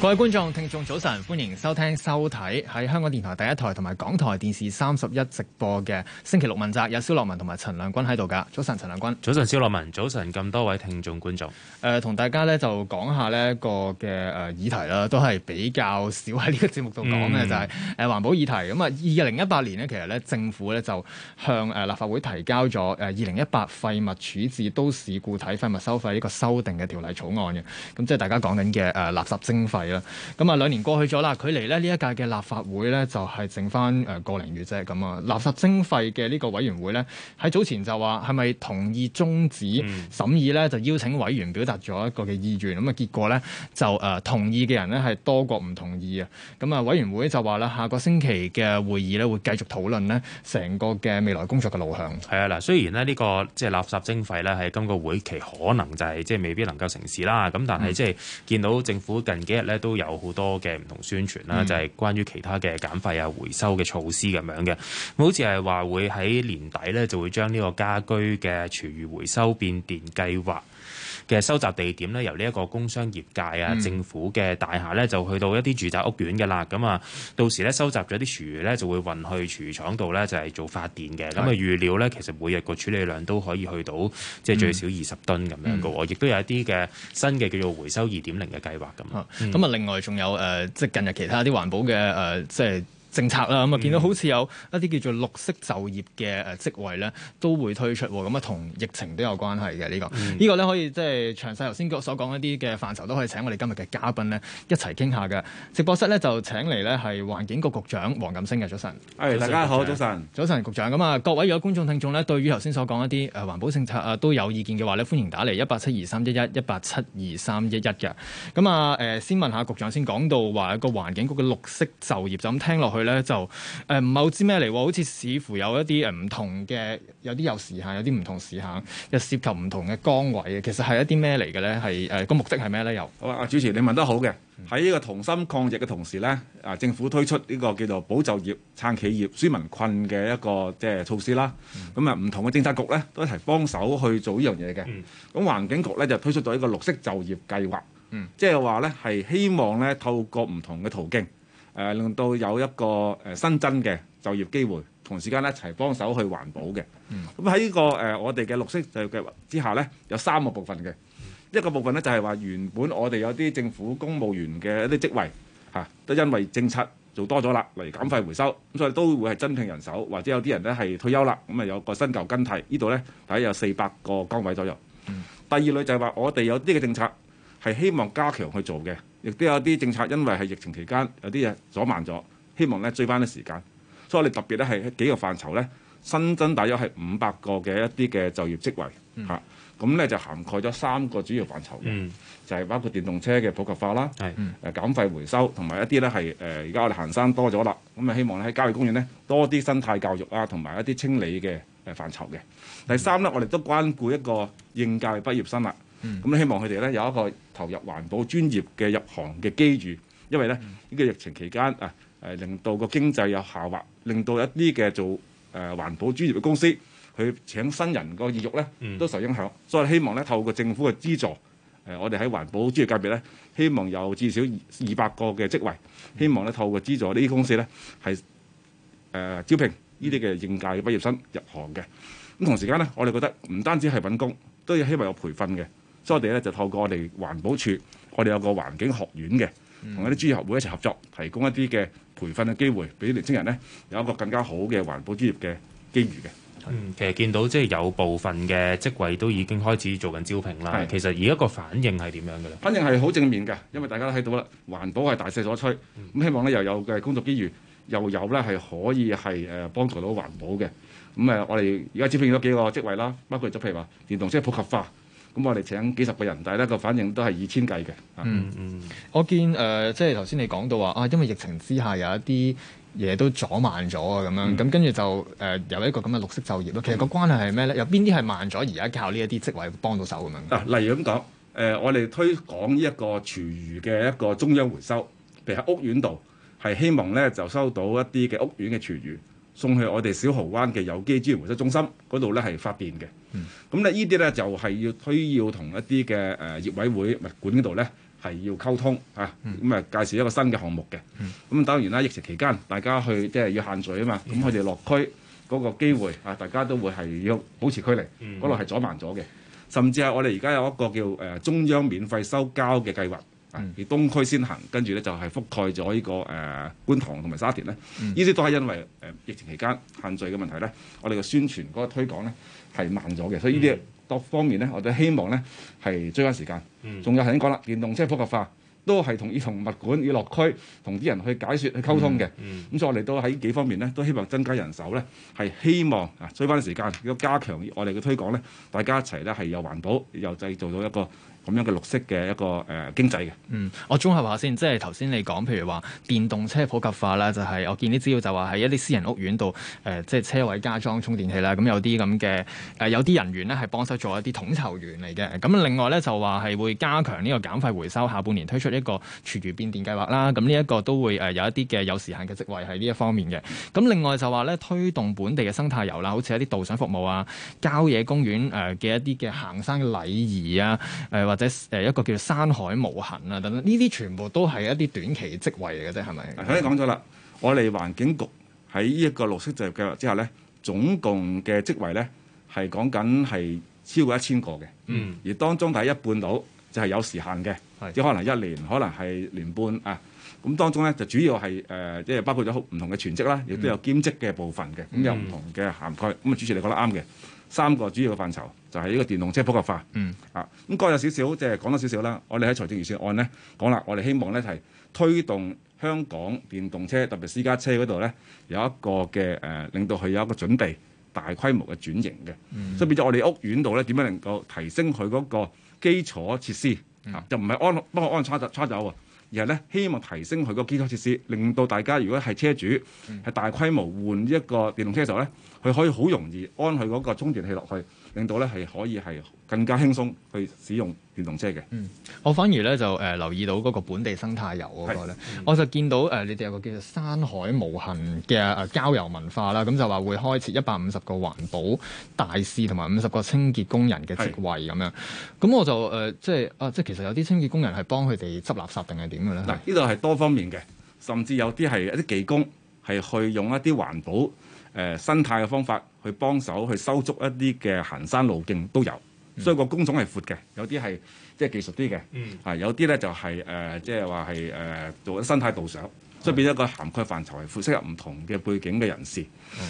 各位觀眾、聽眾，早晨，歡迎收聽、收睇喺香港電台第一台同埋港台電視三十一直播嘅星期六問責，有蕭樂文同埋陳亮君喺度噶。早晨，陳亮君。早晨，蕭樂文。早晨，咁多位聽眾觀眾，誒、呃，同大家咧就講下呢一個嘅誒議題啦，都係比較少喺呢個節目度講嘅，就係誒環保議題。咁啊、嗯，二零一八年呢，其實咧政府咧就向誒立法會提交咗誒二零一八廢物處置都市固體廢物收費呢個修訂嘅條例草案嘅。咁即係大家講緊嘅誒垃圾徵費。咁啊、嗯、兩年過去咗啦，距離呢，呢一屆嘅立法會呢，就係剩翻誒個零月啫咁啊。垃圾徵費嘅呢個委員會呢，喺早前就話係咪同意終止、嗯、審議呢？就邀請委員表達咗一個嘅意願。咁啊結果呢，就同意嘅人呢，係多過唔同意啊。咁、嗯、啊委員會就話啦，下個星期嘅會議呢，會繼續討論呢成個嘅未來工作嘅路向。係啊嗱，雖然呢、這個，呢個即係垃圾徵費呢，喺今個會期可能就係即係未必能夠成事啦。咁但係即係見到政府近幾日呢，都有好多嘅唔同宣傳啦，就係關於其他嘅減廢啊、回收嘅措施咁樣嘅，好似係話會喺年底咧就會將呢個家居嘅廚餘回收變電計劃嘅收集地點咧，由呢一個工商業界啊、政府嘅大廈咧，就去到一啲住宅屋苑嘅啦。咁啊，到時咧收集咗啲廚餘咧，就會運去廚餘廠度咧，就係做發電嘅。咁啊，預料咧，其實每日個處理量都可以去到即係最少二十噸咁、嗯、樣嘅。喎，亦都有一啲嘅新嘅叫做回收二點零嘅計劃咁。咁啊，另外仲有誒，即、呃、係近日其他啲環保嘅誒、呃，即係。政策啦，咁啊見到好似有一啲叫做綠色就業嘅誒職位咧，都會推出，咁啊同疫情都有關係嘅呢個。嗯、呢個咧可以即係詳細頭先所講一啲嘅範疇，都可以請我哋今日嘅嘉賓咧一齊傾下嘅。直播室咧就請嚟咧係環境局局長黃錦星嘅，早晨。係大家好，早晨，早晨，局長。咁啊，各位如果有觀眾聽眾咧對於頭先所講一啲誒環保政策啊都有意見嘅話咧，歡迎打嚟一八七二三一一一八七二三一一嘅。咁啊誒，先問下局長先，講到話個環境局嘅綠色就業，就咁聽落去。佢咧就誒唔係好知咩嚟喎？好似似乎有一啲誒唔同嘅，有啲有時限，有啲唔同時限，又涉及唔同嘅崗位嘅。其實係一啲咩嚟嘅咧？係誒個目的係咩咧？又好啊！主持，你問得好嘅。喺呢、嗯、個同心抗疫嘅同時咧，啊政府推出呢個叫做保就業、撐企業、舒民困嘅一個即係措施啦。咁啊、嗯，唔同嘅政策局咧都一齊幫手去做呢樣嘢嘅。咁、嗯、環境局咧就推出咗一個綠色就業計劃，即係話咧係希望咧透過唔同嘅途徑。誒令到有一個新增嘅就業機會，同時間一齊幫手去環保嘅。咁喺、嗯呢個誒我哋嘅綠色就業計劃之下呢，有三個部分嘅。嗯、一個部分呢，就係話原本我哋有啲政府公務員嘅一啲職位、啊、都因為政策做多咗啦，嚟減廢回收，咁所以都會係增聘人手，或者有啲人呢係退休啦，咁啊有個新舊更替。呢度呢，大約有四百個崗位左右。嗯、第二類就係話我哋有啲嘅政策係希望加強去做嘅。亦都有啲政策，因為係疫情期間，有啲嘢阻慢咗，希望咧追翻啲時間。所以我哋特別咧係幾個範疇咧，新增大約係五百個嘅一啲嘅就業職位嚇。咁咧、嗯啊、就涵蓋咗三個主要範疇，嗯、就係包括電動車嘅普及化啦，誒、嗯啊、減廢回收，同埋一啲咧係誒而家我哋行山多咗啦，咁啊希望咧喺郊野公園咧多啲生態教育啊，同埋一啲清理嘅誒範疇嘅。嗯、第三咧，我哋都關顧一個應屆畢業生啦。咁、嗯、希望佢哋咧有一個投入環保專業嘅入行嘅機遇，因為咧呢個疫情期間啊，誒令到個經濟有下滑，令到一啲嘅做誒環保專業嘅公司去請新人個意欲咧都受影響，所以希望咧透過政府嘅資助，誒我哋喺環保專業界別咧，希望有至少二百個嘅職位，希望咧透過資助呢啲公司咧係誒招聘呢啲嘅應屆畢業生入行嘅。咁同時間咧，我哋覺得唔單止係揾工，都要希望有培訓嘅。多哋咧就透過我哋環保署，我哋有個環境學院嘅，同一啲專業學會一齊合作，提供一啲嘅培訓嘅機會，俾年輕人咧有一個更加好嘅環保專業嘅機遇嘅、嗯。其實見到即係有部分嘅職位都已經開始做緊招聘啦。的其實而家個反應係點樣嘅咧？反應係好正面嘅，因為大家都睇到啦，環保係大勢所趨，咁希望咧又有嘅工作機遇，又有咧係可以係誒幫助到環保嘅。咁誒，我哋而家招聘咗幾個職位啦，包括就譬如話電動車普及化。咁我哋請幾十個人，但係咧個反應都係以千計嘅。嗯嗯，嗯我見誒、呃，即係頭先你講到話啊，因為疫情之下有一啲嘢都阻慢咗啊，咁樣咁跟住就誒、呃、有一個咁嘅綠色就業咯。其實個關係係咩咧？有邊啲係慢咗而家靠呢一啲職位幫到手咁樣啊？例如咁講，誒、呃、我哋推廣呢一個廚餘嘅一個中央回收，譬如喺屋苑度，係希望咧就收到一啲嘅屋苑嘅廚餘，送去我哋小蠔灣嘅有機資源回收中心嗰度咧，係發電嘅。咁咧、嗯，依啲咧就係、是、要推要同一啲嘅誒業委會物管嗰度咧，係要溝通吓。咁啊，嗯、介紹一個新嘅項目嘅。咁、嗯、當然啦，疫情期間大家去即係、就是、要限聚啊嘛。咁佢哋落區嗰個機會啊，大家都會係要保持距離，嗰度係阻慢咗嘅。甚至係我哋而家有一個叫誒、呃、中央免費收膠嘅計劃。啊！而東區先行，跟住咧就係覆蓋咗呢、這個誒、呃、觀塘同埋沙田咧。呢啲、嗯、都係因為疫情期間限聚嘅問題咧，我哋嘅宣傳嗰個推廣咧係慢咗嘅。所以呢啲多方面咧，我哋希望咧係追翻時間。仲、嗯、有頭先講啦，電動車普及化都係同呢同物管要落區同啲人去解説、去溝通嘅。咁、嗯嗯、所以我哋都喺幾方面咧，都希望增加人手咧，係希望啊追翻時間，要加強我哋嘅推廣咧，大家一齊咧係又環保又製造到一個。咁樣嘅綠色嘅一個誒經濟嘅。嗯，我綜合下先，即係頭先你講，譬如話電動車普及化啦，就係、是、我見啲資料就話喺一啲私人屋苑度誒，即係車位加裝充電器啦。咁有啲咁嘅誒，有啲人員呢係幫手做一啲統籌員嚟嘅。咁另外呢，就話係會加強呢個減廢回收，下半年推出一個廚餘變電計劃啦。咁呢一個都會誒有一啲嘅有時限嘅職位喺呢一方面嘅。咁另外就話呢，推動本地嘅生態遊啦，好似一啲導賞服務啊、郊野公園誒嘅一啲嘅行山嘅禮儀啊，誒、呃、或或者誒一個叫做山海無痕啊，等等呢啲全部都係一啲短期職位嚟嘅啫，係咪？頭先講咗啦，我哋環境局喺呢一個綠色就業計劃之下咧，總共嘅職位咧係講緊係超過一千個嘅。嗯。而當中第一半到就係有時限嘅，是即可能一年，可能係年半啊。咁當中咧就主要係誒，即係包括咗唔同嘅全職啦，亦都有兼職嘅部分嘅。咁、嗯、有唔同嘅涵蓋。咁啊、嗯，主持你講得啱嘅，三個主要嘅範疇。就係呢個電動車普及化、嗯、啊！咁、那、嗰、個、有少少，即係講多少少啦。我哋喺財政預算案咧講啦，我哋希望咧係推動香港電動車，特別私家車嗰度咧有一個嘅誒、呃，令到佢有一個準備大規模嘅轉型嘅。嗯、所以變咗我哋屋苑度咧，點樣能夠提升佢嗰個基礎設施、嗯、啊？就唔係安幫我安叉插，插走，而係咧希望提升佢個基礎設施，令到大家如果係車主係、嗯、大規模換一個電動車嘅時候咧，佢可以好容易安佢嗰個充電器落去。令到咧係可以係更加輕鬆去使用電動車嘅。嗯，我反而咧就誒、呃、留意到嗰個本地生態遊嗰、那個咧，是我就見到誒、呃、你哋有個叫做山海無痕嘅、呃、郊遊文化啦，咁就話會開設一百五十個環保大使同埋五十個清潔工人嘅職位咁是樣。咁我就誒、呃、即係啊，即係其實有啲清潔工人係幫佢哋執垃圾定係點嘅咧？嗱、呃，呢度係多方面嘅，甚至有啲係一啲技工係去用一啲環保。誒生態嘅方法去幫手去修築一啲嘅行山路徑都有，嗯、所以個工種係闊嘅，有啲係即係技術啲嘅，啊、嗯、有啲咧就係誒即係話係誒做啲生態導賞，所以的變咗個涵蓋範疇係闊，適合唔同嘅背景嘅人士。咁、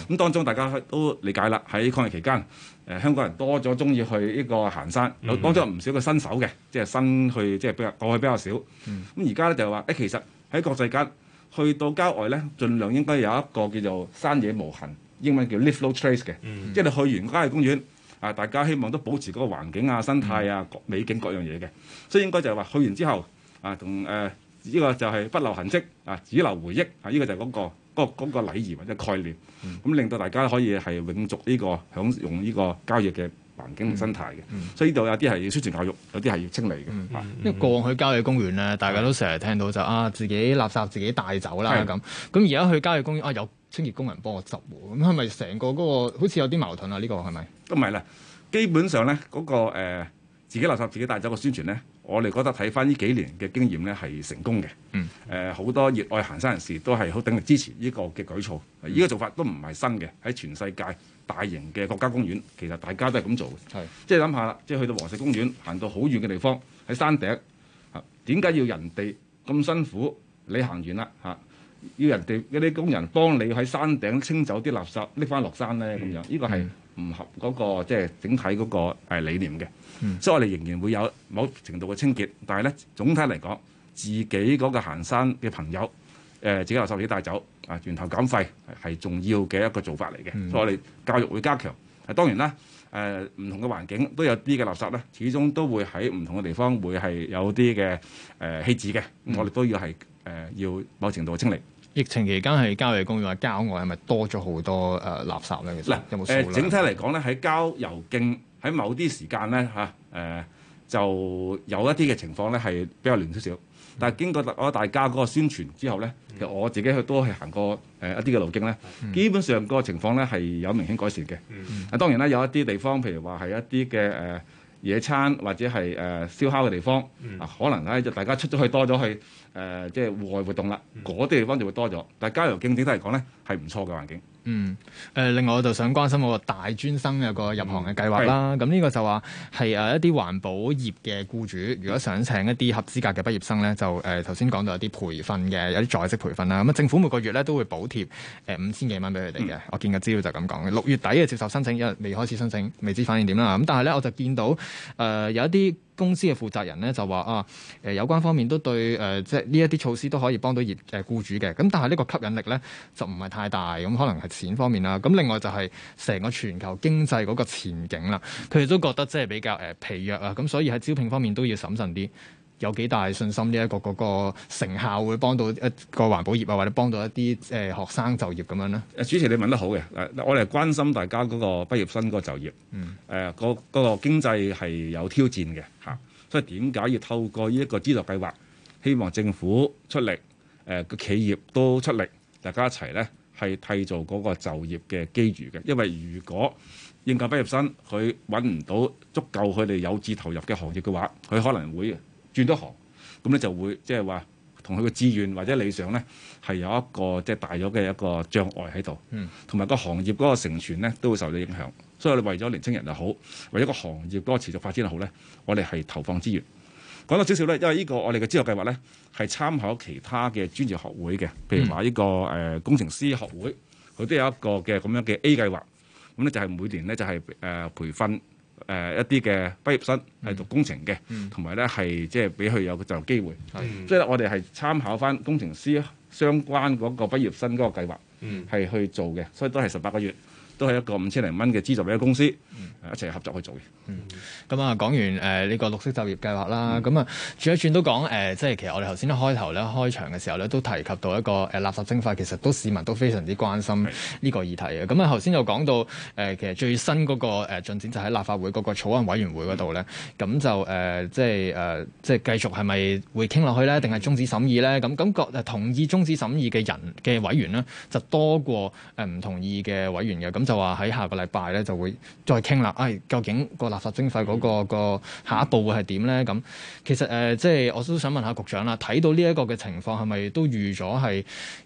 嗯、當中大家都理解啦，喺抗疫期間，誒、呃、香港人多咗鍾意去呢個行山，嗯、當中有多咗唔少嘅新手嘅，即、就、係、是、新去即係、就是、比較過去比較少。咁而家咧就係話誒，其實喺國際間。去到郊外咧，盡量應該有一個叫做山野無痕，英文叫 Leave No Trace 嘅，即係你去完郊野公園，啊大家希望都保持嗰個環境啊、生態啊、美景各樣嘢嘅，所以應該就係話去完之後，啊同誒呢個就係不留痕跡啊，只留回憶啊，依個就係嗰個嗰個嗰個禮儀或者概念，咁令到大家可以係永續呢個享用呢個郊野嘅。環境同生態嘅，嗯嗯、所以呢度有啲係要宣傳教育，有啲係要清理嘅。因為過去郊野公園咧，是的 大家都成日聽到就啊，自己垃圾自己帶走啦咁。咁而家去郊野公園啊，有清潔工人幫我執喎。咁係咪成個嗰個好似有啲矛盾啊？呢個係咪？都唔係啦。基本上咧，嗰個、呃、自己垃圾自己帶走嘅宣傳咧，我哋覺得睇返呢幾年嘅經驗咧係成功嘅。嗯。誒、呃，好多熱愛行山人士都係好鼎力支持呢個嘅舉措。依、嗯、個做法都唔係新嘅，喺全世界。大型嘅國家公園，其實大家都係咁做嘅，即係諗下啦，即係、就是、去到黃石公園，行到好遠嘅地方，喺山頂嚇，點解、啊、要人哋咁辛苦？你行完啦、啊、要人哋嗰啲工人幫你喺山頂清走啲垃圾，拎翻落山咧咁樣？依個、嗯、係唔合嗰個即係整體嗰個誒理念嘅，嗯、所以我哋仍然會有某程度嘅清潔，但係咧總體嚟講，自己嗰個行山嘅朋友。誒自己的垃圾自己帶走，啊，源頭減廢係重要嘅一個做法嚟嘅。所以我哋教育會加強。啊，當然啦，誒、呃、唔同嘅環境都有啲嘅垃圾咧，始終都會喺唔同嘅地方會係有啲嘅誒棄置嘅，我哋都要係誒、呃、要某程度嘅清理。疫情期間係郊野公園或郊外係咪多咗好多誒垃圾咧？其實有冇、呃呃、整體嚟講咧，喺郊遊徑喺某啲時間咧嚇誒，就有一啲嘅情況咧係比較亂少少。但係經過大家嗰個宣傳之後咧，嗯、其實我自己去都係行過誒一啲嘅路徑咧，嗯、基本上個情況咧係有明顯改善嘅。啊、嗯，嗯、當然啦，有一啲地方，譬如話係一啲嘅誒野餐或者係誒燒烤嘅地方，啊、嗯，可能咧就大家出咗去多咗去。誒，即係、呃就是、戶外活動啦，嗰啲地方就會多咗。但係郊遊徑整體嚟講咧，係唔錯嘅環境。嗯，誒、呃，另外我就想關心個大專生有個入行嘅計劃啦。咁呢、嗯、個就話係誒一啲環保業嘅僱主，如果想請一啲合資格嘅畢業生咧，就誒頭先講到有啲培訓嘅，有啲在職培訓啦。咁啊，政府每個月咧都會補貼誒、呃、五千幾蚊俾佢哋嘅。嗯、我見嘅資料就咁講嘅。六月底嘅接受申請，因為未開始申請，未知反應點啦。咁但係咧，我就見到誒、呃、有一啲。公司嘅負責人咧就話啊，誒有關方面都對誒，即係呢一啲措施都可以幫到業誒僱主嘅。咁但係呢個吸引力咧就唔係太大，咁可能係錢方面啦。咁另外就係成個全球經濟嗰個前景啦，佢哋都覺得即係比較誒疲弱啊，咁所以喺招聘方面都要審慎啲。有幾大信心呢一、這個嗰、這個這個、成效會幫到一個環保業啊，或者幫到一啲誒、呃、學生就業咁樣咧？誒，主席你問得好嘅。誒，我哋係關心大家嗰個畢業生嗰個就業。嗯。誒、呃，嗰、那、嗰個經濟係有挑戰嘅嚇，所以點解要透過呢一個資助計劃，希望政府出力，誒、呃、個企業都出力，大家一齊咧係締造嗰個就業嘅機遇嘅。因為如果應屆畢業生佢揾唔到足夠佢哋有志投入嘅行業嘅話，佢可能會。轉多行，咁咧就會即係話同佢嘅志願或者理想咧係有一個即係、就是、大咗嘅一個障礙喺度，同埋個行業嗰個成全咧都會受到影響。所以我哋為咗年青人又好，為咗個行業嗰個持續發展又好咧，我哋係投放資源。講到少少咧，因為呢個我哋嘅資助計劃咧係參考其他嘅專業學會嘅，譬如話呢個誒工程師學會，佢都有一個嘅咁樣嘅 A 計劃，咁咧就係每年咧就係誒培訓。誒、呃，一啲嘅畢業生係讀工程嘅，同埋咧係即係俾佢有個就業機會，即係我哋係參考翻工程師相關嗰個畢業生嗰個計劃，嗯，係去做嘅，所以都係十八個月。都係一個五千零蚊嘅資助俾公司，一齊合作去做嘅。咁啊、嗯，嗯嗯、講完誒呢、呃這個綠色就業計劃啦，咁啊、嗯嗯、轉一轉都講誒、呃，即係其實我哋頭先一開頭咧開場嘅時候咧，都提及到一個誒垃圾徵費，其實都市民都非常之關心呢個議題嘅。咁啊的，頭先、嗯、又講到誒、呃，其實最新嗰、那個誒、呃、進展就喺立法會嗰個草案委員會嗰度咧，咁、嗯嗯、就誒、呃、即係誒、呃、即係繼續係咪會傾落去咧，定係終止審議咧？咁咁覺誒同意終止審議嘅人嘅委員呢，就多過誒唔、呃、同意嘅委員嘅。咁就話喺下個禮拜咧就會再傾啦。誒、哎，究竟個垃圾徵費嗰、那個下一步會係點咧？咁其實誒、呃，即係我都想問下局長啦。睇到呢一個嘅情況係咪都預咗係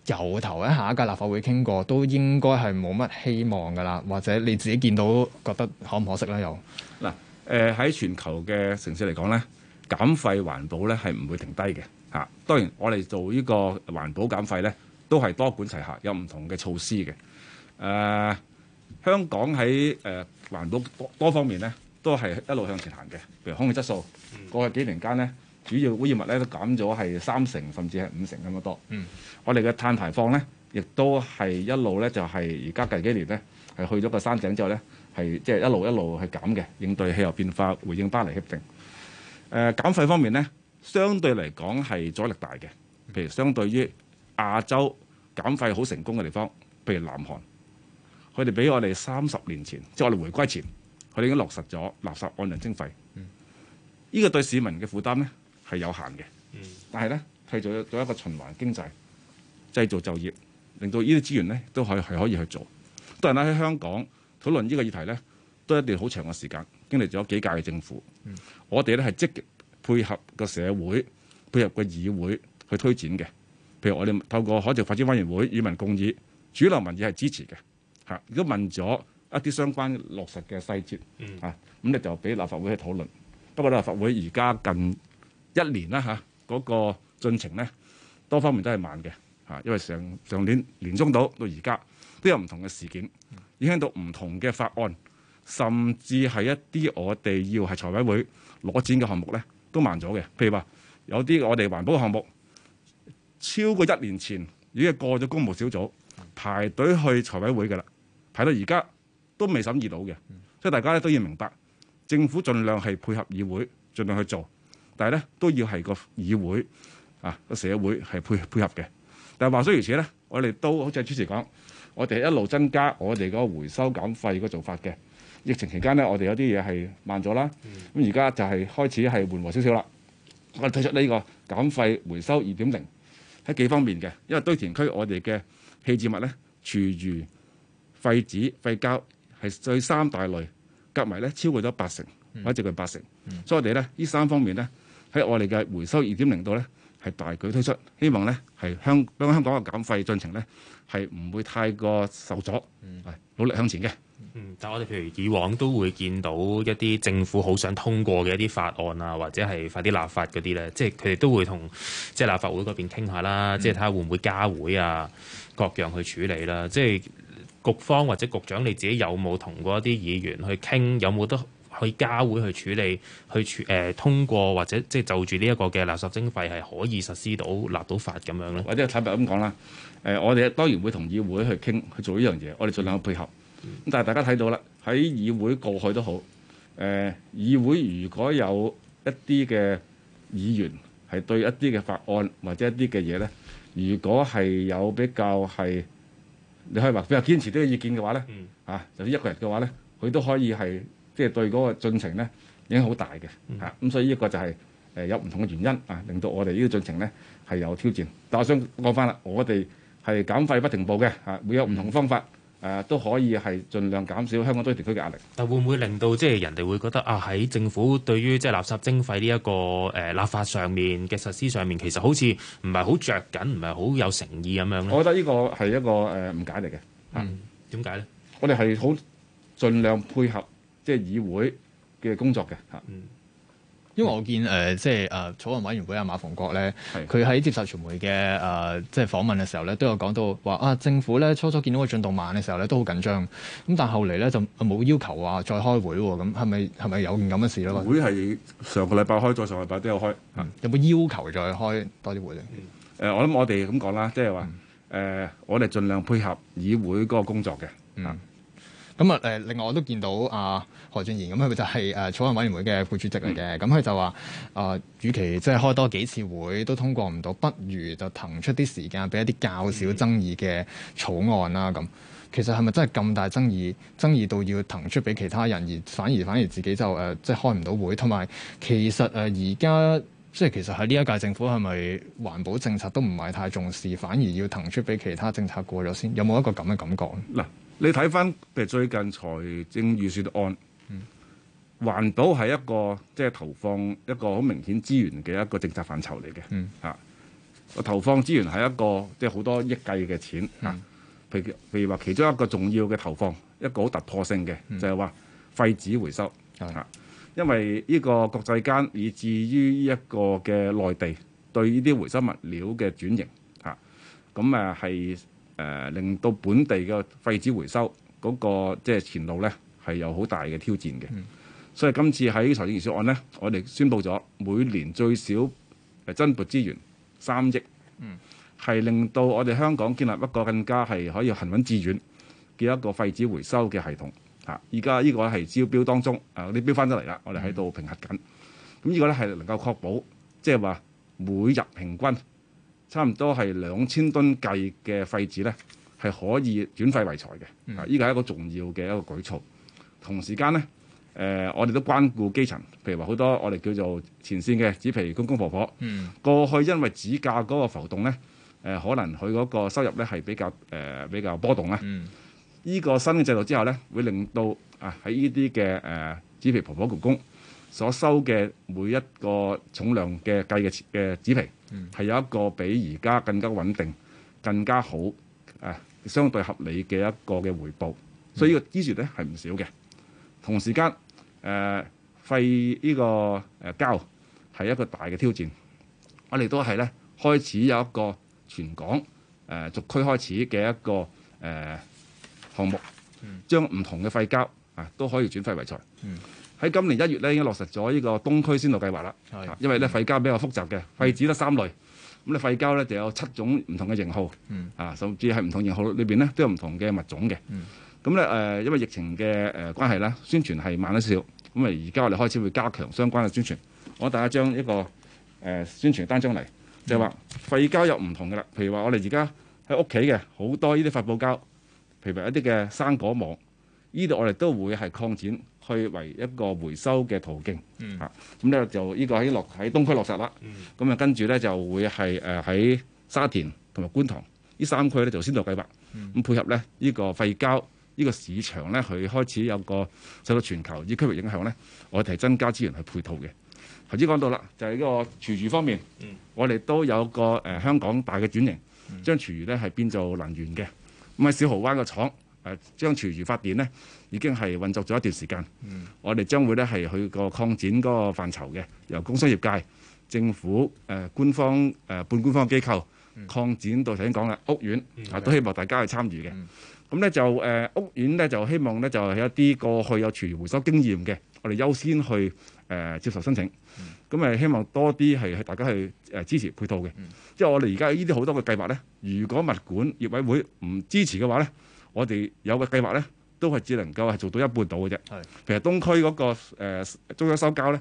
由頭喺下，下一屆立法會傾過，都應該係冇乜希望㗎啦。或者你自己見到覺得可唔可惜咧？又嗱誒，喺全球嘅城市嚟講咧，減廢環保咧係唔會停低嘅嚇。當然，我哋做呢個環保減廢咧，都係多管齊下，有唔同嘅措施嘅誒。呃香港喺誒環保多方面咧，都係一路向前行嘅。譬如空氣質素，嗯、過去幾年間咧，主要污染物咧都減咗係三成甚至係五成咁多。嗯、我哋嘅碳排放咧，亦都係一路咧就係而家近幾年咧係去咗個山頂之後咧，係即係一路一路去減嘅。應對氣候變化，回應巴黎協定。誒、呃、減廢方面咧，相對嚟講係阻力大嘅。譬如相對於亞洲減廢好成功嘅地方，譬如南韓。佢哋俾我哋三十年前，即係我哋回歸前，佢哋已經落實咗垃圾按量徵費。呢個對市民嘅負擔咧係有限嘅，但係咧製造咗一個循環經濟，製造就業，令到呢啲資源咧都係係可以去做。當然啦，喺香港討論呢個議題咧，都有一段好長嘅時間，經歷咗幾屆嘅政府。我哋咧係積極配合個社會，配合個議會去推展嘅。譬如我哋透過海潮發展委員會與民共議，主流民意係支持嘅。嚇！如果問咗一啲相關落實嘅細節，嚇、咁你就俾立法會去討論。不過立法會而家近一年啦，嚇、啊、嗰、嗰個進程咧，多方面都係慢嘅嚇、啊。因為上上年年中到到而家都有唔同嘅事件，影響到唔同嘅法案，甚至係一啲我哋要係財委會攞錢嘅項目咧，都慢咗嘅。譬如話有啲我哋環保嘅項目超過一年前已經過咗公務小組，排隊去財委會嘅啦。睇到而家都未審議到嘅，所以大家咧都要明白，政府盡量係配合議會，盡量去做，但係咧都要係個議會啊，個社會係配配合嘅。但係話雖如此咧，我哋都好似主持講，我哋一路增加我哋嗰個回收減廢個做法嘅。疫情期間咧，我哋有啲嘢係慢咗啦，咁而家就係開始係緩和少少啦。我哋推出呢個減廢回收二點零喺幾方面嘅，因為堆填區我哋嘅棄置物咧，廚餘。廢紙、廢膠係最三大類，夾埋咧超過咗八成，或者接近八成。嗯、所以我哋咧呢三方面咧，喺我哋嘅回收二點零度咧係大舉推出，希望咧係香香港嘅減廢進程咧係唔會太過受阻，努力向前嘅、嗯。但係我哋譬如以往都會見到一啲政府好想通過嘅一啲法案啊，或者係快啲立法嗰啲咧，即係佢哋都會同即係立法會嗰邊傾下啦，即係睇下會唔會加會啊，各樣去處理啦，即係。局方或者局長你自己有冇同過一啲議員去傾？有冇得去交會去處理？去誒、呃、通過或者即係就住呢一個嘅垃圾徵費係可以實施到立到法咁樣咧？或者坦白咁講啦，誒、呃、我哋當然會同議會去傾去做呢樣嘢，我哋盡量配合。咁、嗯嗯、但係大家睇到啦，喺議會過去都好，誒、呃、議會如果有一啲嘅議員係對一啲嘅法案或者一啲嘅嘢咧，如果係有比較係。你可以話比較堅持呢啲意見嘅話咧，嚇、嗯啊，就算一個人嘅話咧，佢都可以係即係對嗰個進程咧影響好大嘅嚇，咁、啊、所以呢個就係、是、誒、呃、有唔同嘅原因啊，令到我哋呢個進程咧係有挑戰。但我想講翻啦，我哋係減廢不停步嘅嚇、啊，會有唔同嘅方法。嗯誒都可以係盡量減少香港堆填區嘅壓力。但會唔會令到即係人哋會覺得啊？喺政府對於即係垃圾徵費呢一個誒立法上面嘅實施上面，其實好似唔係好着緊，唔係好有誠意咁樣咧？我覺得呢個係一個誒誤解嚟嘅。嚇、嗯，點解呢？我哋係好盡量配合即係議會嘅工作嘅。嚇、嗯。因為我見誒即係誒草案委員會阿馬逢國咧，佢喺接受傳媒嘅誒、呃、即係訪問嘅時候咧，都有講到話，啊政府咧，初初見到個進度慢嘅時候咧都好緊張，咁但係後嚟咧就冇要求話再開會喎，咁係咪係咪有件咁嘅事咧？會係上個禮拜開，再上個禮拜都有開，嗯、有冇要求再開多啲會咧？誒、嗯，呃，我諗我哋咁講啦，即係話誒，我哋盡量配合議會嗰個工作嘅。嗯嗯咁啊誒，另外我都見到啊何俊賢咁，佢就係誒草案委員會嘅副主席嚟嘅。咁佢、嗯、就話啊、呃，與其即係開多幾次會都通過唔到，不如就騰出啲時間俾一啲較少爭議嘅草案啦。咁、嗯、其實係咪真係咁大爭議？爭議到要騰出俾其他人，而反而反而自己就誒、呃、即係開唔到會。同埋其實誒而家即係其實喺呢一屆政府係咪環保政策都唔係太重視，反而要騰出俾其他政策過咗先？有冇一個咁嘅感覺嗱。你睇翻，譬如最近財政預算案，環保係一個即係、就是、投放一個好明顯資源嘅一個政策範疇嚟嘅，嚇、嗯。個、啊、投放資源係一個即係好多億計嘅錢，嚇、啊。譬如譬如話其中一個重要嘅投放，一個好突破性嘅，就係、是、話廢紙回收，嚇、啊。因為呢個國際間，以至於呢一個嘅內地對呢啲回收物料嘅轉型，嚇、啊，咁啊係。誒、呃、令到本地嘅廢紙回收嗰、那個即係、就是、前路咧係有好大嘅挑戰嘅，嗯、所以今次喺財政預算案咧，我哋宣布咗每年最少係增撥資源三億，係、嗯、令到我哋香港建立一個更加係可以行穩致遠，嘅一個廢紙回收嘅系統。嚇，而家呢個係招標當中，啊、呃，啲標翻咗嚟啦，我哋喺度評核緊。咁呢、嗯、個咧係能夠確保，即係話每日平均，差唔多係兩千噸計嘅廢紙呢，係可以轉廢為財嘅。啊，依個係一個重要嘅一個舉措。同時間呢，誒、呃、我哋都關顧基層，譬如話好多我哋叫做前線嘅紙皮公公婆婆。嗯、過去因為紙價嗰個浮動呢，誒、呃、可能佢嗰個收入呢係比較誒、呃、比較波動啊。依、嗯、個新嘅制度之後呢，會令到啊喺呢啲嘅誒紙皮婆婆婆公公所收嘅每一個重量嘅計嘅嘅紙皮，係有一個比而家更加穩定、更加好、誒、啊、相對合理嘅一個嘅回報，嗯、所以這個呢個支持咧係唔少嘅。同時間，誒、呃、廢呢、這個誒膠係一個大嘅挑戰，我哋都係咧開始有一個全港誒、呃、逐區開始嘅一個誒、呃、項目，嗯、將唔同嘅廢膠啊都可以轉廢為財。嗯喺今年一月咧，已經落實咗呢個東區先導計劃啦。係是，因為咧廢膠比較複雜嘅，廢紙得三類，咁咧、嗯、廢膠咧就有七種唔同嘅型號，嗯、啊，甚至係唔同型號裏邊咧都有唔同嘅物種嘅。咁咧誒，因為疫情嘅誒關係咧，宣傳係慢咗少少，咁啊而家我哋開始會加強相關嘅宣傳。我帶一張一個誒、呃、宣傳單張嚟，就係、是、話廢膠有唔同嘅啦。譬如話我哋而家喺屋企嘅好多呢啲發泡膠，譬如話一啲嘅生果網，呢度我哋都會係擴展去為一個回收嘅途徑，嚇，咁呢就呢個喺落喺東區落實啦，咁啊、嗯、跟住咧就會係誒喺沙田同埋觀塘呢三區咧就先導計劃，咁、嗯、配合咧依、這個廢膠呢、這個市場咧，佢開始有個受到全球依區域影響咧，我哋係增加資源去配套嘅。頭先講到啦，就係、是、呢個廚餘方面，嗯、我哋都有一個誒、呃、香港大嘅轉型，嗯、將廚餘咧係變做能源嘅，咁喺小蠔灣嘅廠。誒、啊、將廚餘發電咧，已經係運作咗一段時間。嗯、我哋將會咧係去個擴展嗰個範疇嘅，由工商業界、政府誒、呃、官方誒、呃、半官方機構、嗯、擴展到頭先講嘅屋苑啊，都希望大家去參與嘅。咁咧、嗯、就誒、呃、屋苑咧就希望咧就係一啲過去有廚餘回收經驗嘅，我哋優先去誒、呃、接受申請。咁咪、嗯、希望多啲係大家去誒、呃、支持配套嘅，即係、嗯、我哋而家呢啲好多嘅計劃咧。如果物管業委會唔支持嘅話咧。我哋有個計劃咧，都係只能夠係做到一半到嘅啫。係是，其實東區嗰、那個誒、呃、中央收交咧，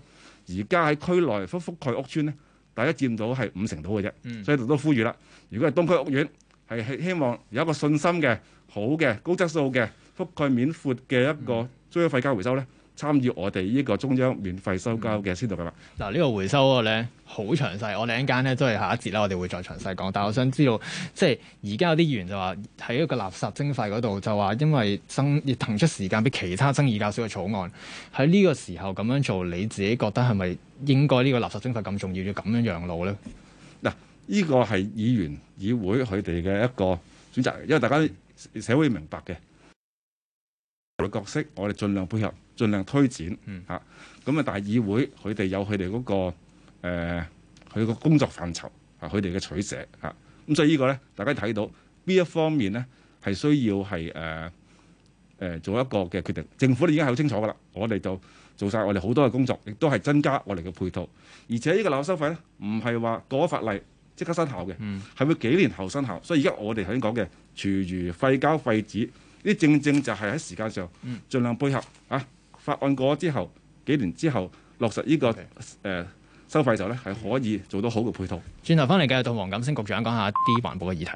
而家喺區內覆覆蓋屋邨咧，大家佔到係五成到嘅啫。嗯，所以都呼籲啦，如果係東區屋苑，係希望有一個信心嘅好嘅高質素嘅覆蓋面闊嘅一個中央廢膠回收咧。嗯參與我哋呢個中央免費收交嘅先導㗎啦。嗱，呢個回收嗰個咧好詳細，我哋一間咧都係下一節啦，我哋會再詳細講。但係我想知道，即係而家有啲議員就話喺一個垃圾徵費嗰度，就話因為生要騰出時間俾其他爭議較少嘅草案，喺呢個時候咁樣做，你自己覺得係咪應該呢個垃圾徵費咁重要要咁樣讓路咧？嗱，呢個係議員、議會佢哋嘅一個選擇，因為大家社會明白嘅角色，我哋盡量配合。盡量推展嚇，咁、嗯、啊！但係議會佢哋有佢哋嗰個佢個、呃、工作範疇啊，佢哋嘅取捨嚇。咁、啊、所以個呢個咧，大家睇到呢一方面咧，係需要係誒誒做一個嘅決定。政府咧已經係好清楚㗎喇，我哋就做晒我哋好多嘅工作，亦都係增加我哋嘅配套。而且這個呢個垃圾收費咧，唔係話過咗法例即刻生效嘅，係會、嗯、幾年後生效。所以而家我哋頭先講嘅廚餘、廢膠、廢紙，呢正正就係喺時間上盡量配合嚇。啊。法案過咗之後，幾年之後落實呢、這個誒 Okay.、呃、收費就咧，係可以做到好嘅配套。轉頭翻嚟繼續同黃錦星局長講下啲環保嘅議題。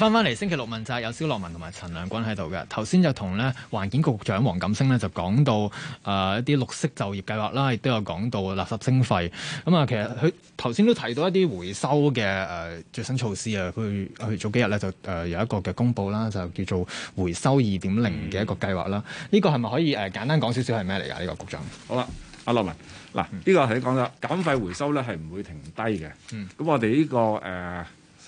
翻翻嚟星期六問責，就是、有蕭樂文同埋陳良軍喺度嘅。頭先就同咧環境局局長黃錦星呢，就講到誒、呃、一啲綠色就業計劃啦，亦都有講到垃圾徵費。咁、嗯、啊，其實佢頭先都提到一啲回收嘅誒、呃、最新措施啊。佢佢早幾日咧就誒、呃、有一個嘅公布啦,就叫做回收二點零嘅一個計劃啦。呢、這個係咪可以誒、呃、簡單講少少係咩嚟噶？呢、這個局長？好、啊、羅啦，阿樂文，嗱呢個你講啦，減廢回收咧，係唔會停低嘅。咁、嗯、我哋呢、這個誒。呃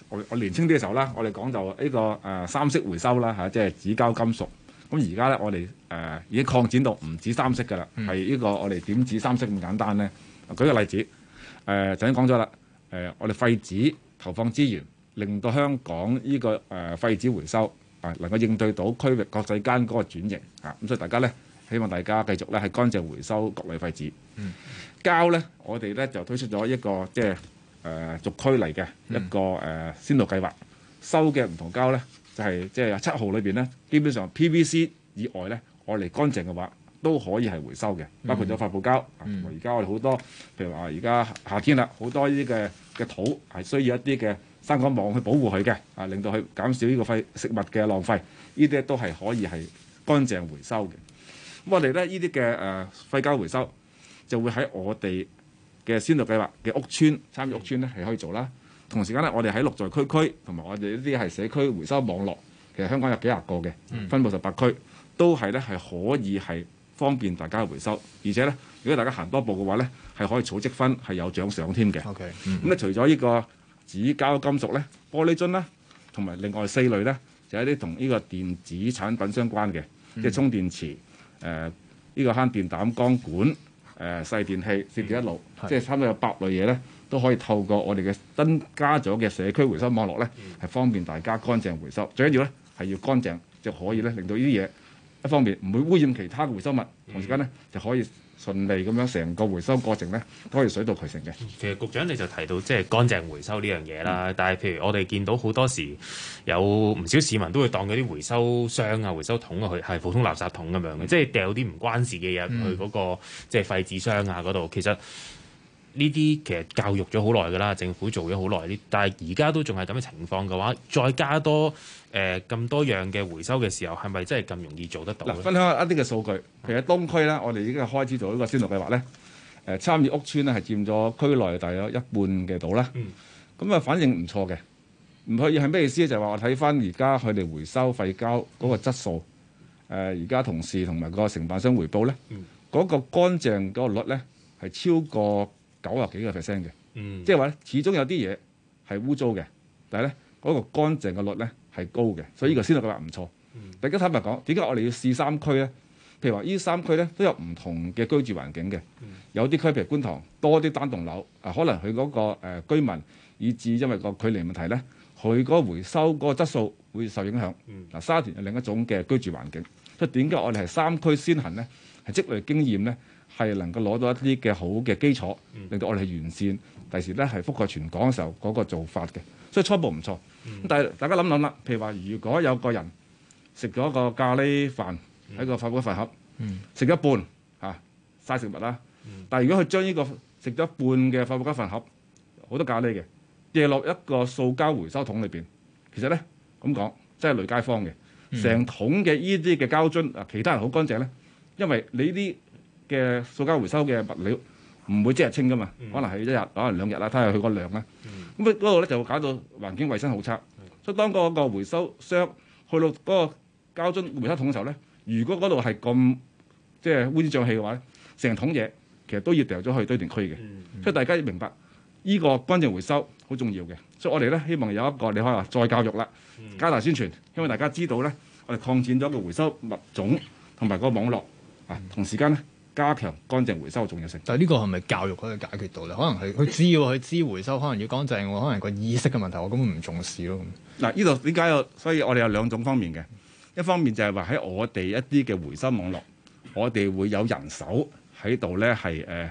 我我年輕啲嘅時候啦，我哋講就呢、這個誒、啊、三色回收啦嚇、啊，即係紙膠金屬。咁而家咧，我哋誒、啊、已經擴展到唔止三色㗎喇，係呢、嗯、個我哋點止三色咁簡單咧？舉個例子，誒頭先講咗啦，誒、啊、我哋廢紙投放資源，令到香港呢個誒廢紙回收啊能夠應對到區域國際間嗰個轉型嚇。咁、啊、所以大家咧，希望大家繼續咧係乾淨回收各類廢紙。膠咧、嗯，我哋咧就推出咗一個即係。誒、呃、逐區嚟嘅一個誒先導計劃，收嘅唔同膠呢，就係即係七號裏邊呢，基本上 PVC 以外呢，我哋乾淨嘅話都可以係回收嘅，包括咗發泡膠。而家、嗯、我哋好多，譬如話而家夏天啦，好多呢啲嘅嘅土係需要一啲嘅生果網去保護佢嘅，啊令到佢減少呢個廢食物嘅浪費，呢啲都係可以係乾淨回收嘅。咁我哋呢，依啲嘅誒廢膠回收就會喺我哋。嘅先導計劃嘅屋邨參與屋邨咧係可以做啦，同時間咧我哋喺綠在區區同埋我哋呢啲係社區回收網絡，其實香港有幾廿個嘅，分布十八區，都係咧係可以係方便大家回收，而且咧如果大家行多步嘅話咧係可以儲積分，係有獎賞添嘅。咁咧除咗呢個紙膠金屬咧、玻璃樽啦，同埋另外四類咧就係、是、一啲同呢個電子產品相關嘅，嗯、即係充電池、誒、呃、依、這個慳電膽、光管。誒細、呃、電器、四電一腦，嗯、即係差唔多有八類嘢咧，都可以透過我哋嘅增加咗嘅社區回收網絡咧，係、嗯、方便大家乾淨回收。最緊要咧係要乾淨，就可以咧令到呢啲嘢一方面唔會污染其他回收物，嗯、同時間咧就可以。順利咁樣成個回收過程咧，都可以水到渠成嘅、嗯。其實局長你就提到即係、即係、乾淨回收呢樣嘢啦，嗯、但係譬如我哋見到好多時有唔少市民都會當嗰啲回收箱啊、回收桶啊去係普通垃圾桶咁樣嘅，嗯、即係掉啲唔關事嘅嘢去嗰、嗰個、嗯、即係廢紙箱啊嗰度，其實。呢啲其實教育咗好耐㗎啦，政府做咗好耐啲，但係而家都仲係咁嘅情況嘅話，再加多誒咁多樣嘅回收嘅時候，係咪真係咁容易做得到咧？分享一啲嘅數據，譬如喺東區咧，我哋已經開始做呢個先導計劃咧。誒，參與屋邨咧係佔咗區內大約一半嘅度啦。嗯。咁啊反應唔錯嘅，唔可以係咩意思？就係話我睇返而家佢哋回收廢膠嗰個質素，誒而家同事同埋個承辦商回報咧，嗰個乾淨嗰個率咧係超過九十幾個 percent 嘅，即係話咧，始終有啲嘢係污糟嘅，但係咧嗰個乾淨嘅率咧係高嘅，所以呢個先至覺得唔錯。大家、嗯、坦白講，點解我哋要試三區咧？譬如話呢三區咧都有唔同嘅居住環境嘅，有啲區譬如觀塘多啲單棟樓，啊可能佢嗰、那個、呃、居民以至因為個距離問題咧，佢個回收嗰個質素會受影響。嗱、啊、沙田係另一種嘅居住環境，所以點解我哋係三區先行咧？係積累經驗咧。係能夠攞到一啲嘅好嘅基礎，令到我哋係完善第時咧係覆蓋全港嘅時候嗰個做法嘅，所以初步唔錯。但係大家諗諗啦，譬如話如果有個人食咗個咖喱飯喺個發泡膠飯盒，食一半嚇嘥、啊、食物啦。但係如果佢將呢個食咗一半嘅發泡膠飯盒好多咖喱嘅，跌落一個塑膠回收桶裏邊，其實咧咁講即係累街坊嘅，成桶嘅呢啲嘅膠樽啊，其他人好乾淨咧，因為你啲。嘅塑膠回收嘅物料唔會即日清噶嘛，嗯、可能係一日，可能兩日啦。睇下佢個量啦。咁啊嗰度咧就會搞到環境衛生好差。嗯、所以當嗰個回收箱去到嗰個膠樽回收桶嘅時候咧，如果嗰度係咁即係污煙瘴氣嘅話咧，成桶嘢其實都要掉咗去堆填區嘅。嗯嗯、所以大家要明白呢、呢個關鍵回收好重要嘅。所以我哋咧希望有一個你可以話再教育啦，嗯、加大宣傳，希望大家知道咧，我哋擴展咗個回收物種同埋個網絡、嗯、啊，同時間咧。加強乾淨回收重要性，但係呢個係咪教育佢去解決到咧？可能係佢只要佢知，佢知回收，可能要乾淨，我可能個意識嘅問題，我根本唔重視咯。嗱，呢度點解？所以我哋有兩種方面嘅，一方面就係話喺我哋一啲嘅回收網絡，我哋會有人手喺度咧，係誒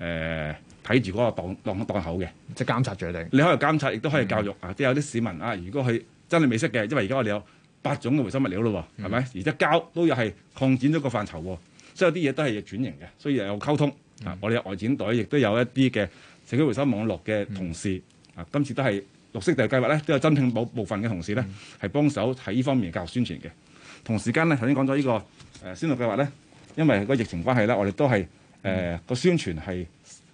誒睇住嗰個檔，檔，檔口嘅，即係監察住佢哋。你可能監察，亦都可以教育啊！即係、嗯、有啲市民啊，如果佢真係未識嘅，因為而家我哋有八種嘅回收物料咯，係咪？嗯、而且膠都有係擴展咗個範疇喎。即係有啲嘢都係要轉型嘅，所以又有溝通。嗯、啊，我哋有外展隊亦都有一啲嘅社區回收網絡嘅同事。嗯、啊，今次都係綠色地計劃咧，都有增聘部部分嘅同事咧，係、嗯、幫手喺呢方面教育宣傳嘅。同時間咧，頭先講咗呢個誒、呃、宣導計劃咧，因為個疫情關係啦，我哋都係誒個宣傳係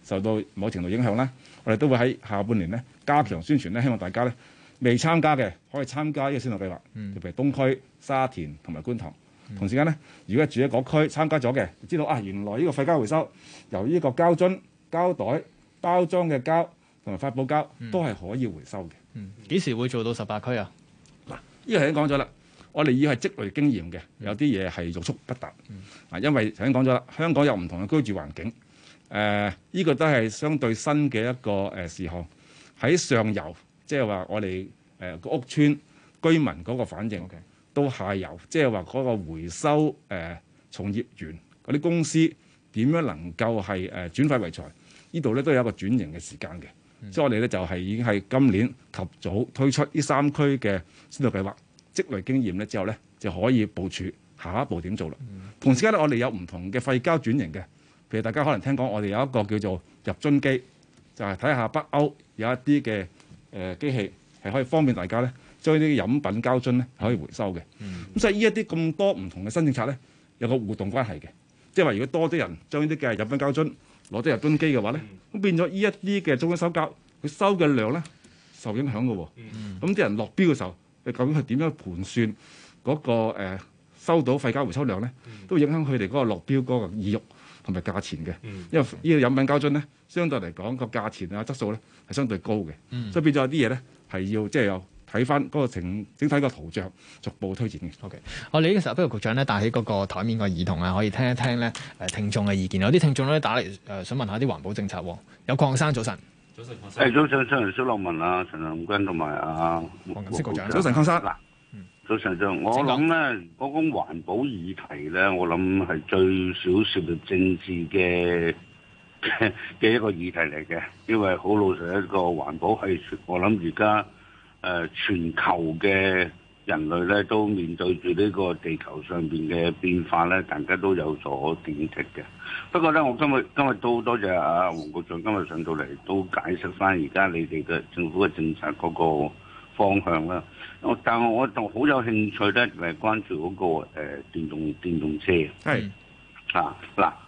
受到某程度影響啦。我哋都會喺下半年咧加強宣傳咧，希望大家咧未參加嘅可以參加呢個宣導計劃，嗯、特別係東區、沙田同埋觀塘。同時間咧，如果住喺嗰區參加咗嘅，知道啊，原來呢個廢膠回收由呢個膠樽、膠袋、包裝嘅膠同埋發泡膠都係可以回收嘅。嗯，幾時會做到十八區啊？嗱，呢個係已經講咗啦。我哋要係積累經驗嘅，有啲嘢係欲速不達啊，因為頭先講咗啦，香港有唔同嘅居住環境。誒、呃，呢、這個都係相對新嘅一個誒、呃、事項。喺上游，即係話我哋誒、呃、屋邨居民嗰個反應。Okay. 到下游，即係話嗰個回收誒從、呃、業員嗰啲公司點樣能夠係誒轉廢為財，呢度咧，都有一個轉型嘅時間嘅，嗯、所以我哋咧就係、是、已經係今年及早推出呢三區嘅先導計劃，積累經驗咧之後咧就可以部署下一步點做啦。嗯、同時間咧，我哋有唔同嘅廢膠轉型嘅，譬如大家可能聽講，我哋有一個叫做入樽機，就係睇下北歐有一啲嘅誒機器係可以方便大家咧。將呢啲飲品膠樽咧係可以回收嘅，咁、嗯、所以呢，一啲咁多唔同嘅新政策咧有個互動關係嘅，即係話如果多啲人將呢啲嘅飲品膠樽攞咗入樽機嘅話咧，咁、嗯、變咗呢一啲嘅中央收膠佢收嘅量咧受影響嘅喎、哦，咁啲、嗯、人落標嘅時候，佢究竟係點樣盤算嗰、嗰個、呃、收到廢膠回收量咧，嗯、都會影響佢哋嗰個落標嗰個意欲同埋價錢嘅，嗯、因為呢個飲品膠樽咧相對嚟講個價錢啊質素咧係相對高嘅，嗯、所以變咗有啲嘢咧係要即係有。睇翻嗰個整體個圖像，逐步推展嘅。O K，我哋呢個時候，邊個局長咧帶起嗰個台面個耳筒啊，可以聽一聽咧誒聽眾嘅意見。有啲聽眾咧打嚟誒、呃，想問，問一下啲環保政策。有、哦、鄺生早晨，早晨。誒，早晨早晨，小立文啊，陳林君同埋啊黃錦星局長。早晨，鄺生。嗱，早晨，我諗咧，我講環保議題咧，我諗係最少涉政治嘅嘅一個議題嚟嘅，因為好老實一、這個環保係，我諗而家。誒、呃、全球嘅人類咧，都面對住呢個地球上邊嘅變化咧，大家都有所警惕嘅。不過咧，我今日今日都多謝阿、啊、黃局長今日上到嚟，都解釋翻而家你哋嘅政府嘅政策嗰個方向啦。我但我就好有興趣咧，關注嗰、那個、呃、電動電動車。嗱是、啊啊，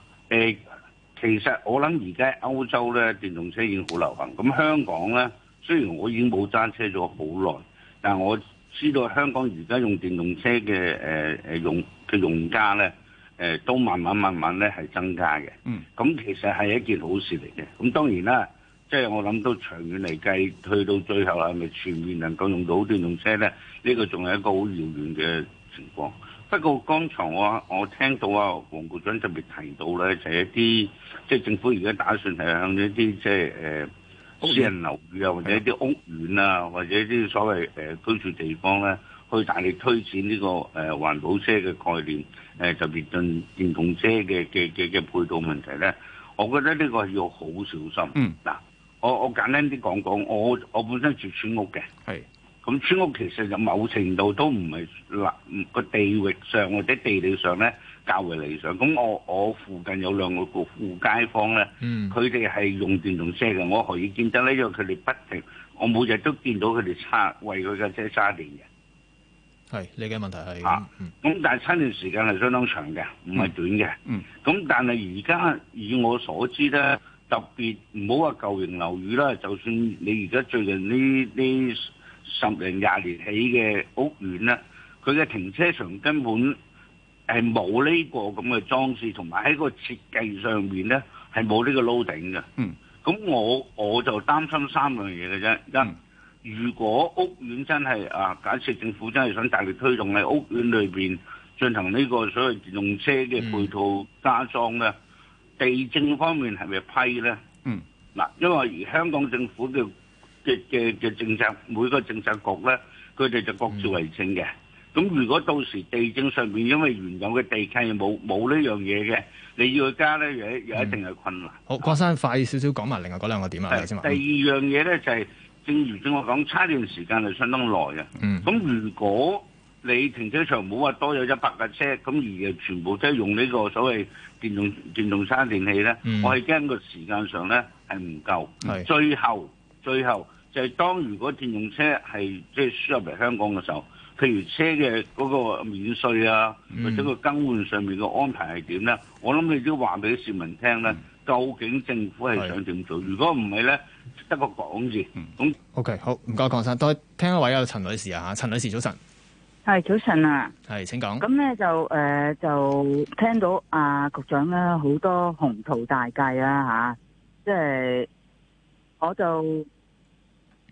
其實我諗而家歐洲咧電動車已經好流行，咁香港咧。雖然我已經冇揸車咗好耐，但係我知道香港而家用電動車嘅誒誒用嘅用家咧，誒、呃、都慢慢慢慢咧係增加嘅。嗯，咁、嗯、其實係一件好事嚟嘅。咁、嗯、當然啦，即、就、係、是、我諗到長遠嚟計，去到最後係咪全面能夠用到電動車咧？呢、這個仲係一個好遙遠嘅情況。不過剛才我我聽到啊，黃局長特別提到咧，係、就是、一啲即係政府而家打算係向一啲即係誒。呃私人樓宇啊，或者一啲屋苑啊，或者啲所謂誒居住地方咧，去大力推薦呢個誒環保車嘅概念，誒特別電電動車嘅嘅嘅嘅配套問題咧，我覺得呢個要好小心。嗯，嗱，我我簡單啲講講，我我本身住村屋嘅，係，咁村屋其實就某程度都唔係嗱個地域上或者地理上咧，較為理想。咁我我附近有兩個個富街坊咧，佢哋係用電動車嘅。我何以見得呢？因為佢哋不停，我每日都見到佢哋揸為佢嘅車揸電嘅。係你嘅問題係嚇，咁、啊嗯、但係揸電時間係相當長嘅，唔係短嘅。咁、嗯嗯、但係而家以我所知咧，特別唔好話舊型樓宇啦，就算你而家最近呢呢十零廿年，年起嘅屋苑啦，佢嘅停車場根本。係冇呢個咁嘅裝置，同埋喺個設計上面咧，係冇呢個 loading 嘅。嗯，咁我我就擔心三樣嘢嘅啫。因，如果屋苑真係啊，假設政府真係想大力推動喺屋苑裏邊進行呢個所謂電動車嘅配套加裝咧，地政方面係咪批咧？嗯，嗱，因為而香港政府嘅嘅嘅嘅政策，每個政策局咧，佢哋就各自為政嘅。咁如果到時地政上面，因為原有嘅地契冇冇呢樣嘢嘅，你要加咧，有有一定嘅困難、嗯。好，郭生、嗯、快少少講埋另外嗰兩個點啊，是你先。第二樣嘢咧就係、是，正如正我講，差電時間係相當耐嘅。嗯。咁如果你停車場冇話多咗一百架車，咁而全部車用呢個所謂電動電動車差電器咧，嗯、我係驚個時間上咧係唔夠是最。最後最後就係當如果電動車係即係輸入嚟香港嘅時候。譬如車嘅嗰個免稅啊，或者個更換上面嘅安排係點咧？嗯、我諗佢都話俾市民聽咧，嗯、究竟政府係想點做？如果唔係咧，得個講字。咁、嗯嗯、OK，好唔該晒。多聽一位啊，陳女士啊，吓，陳女士早晨，係早晨啊，係請講。咁咧就誒、呃、就聽到啊局長咧好多宏圖大計啊。吓、啊，即、就、係、是、我就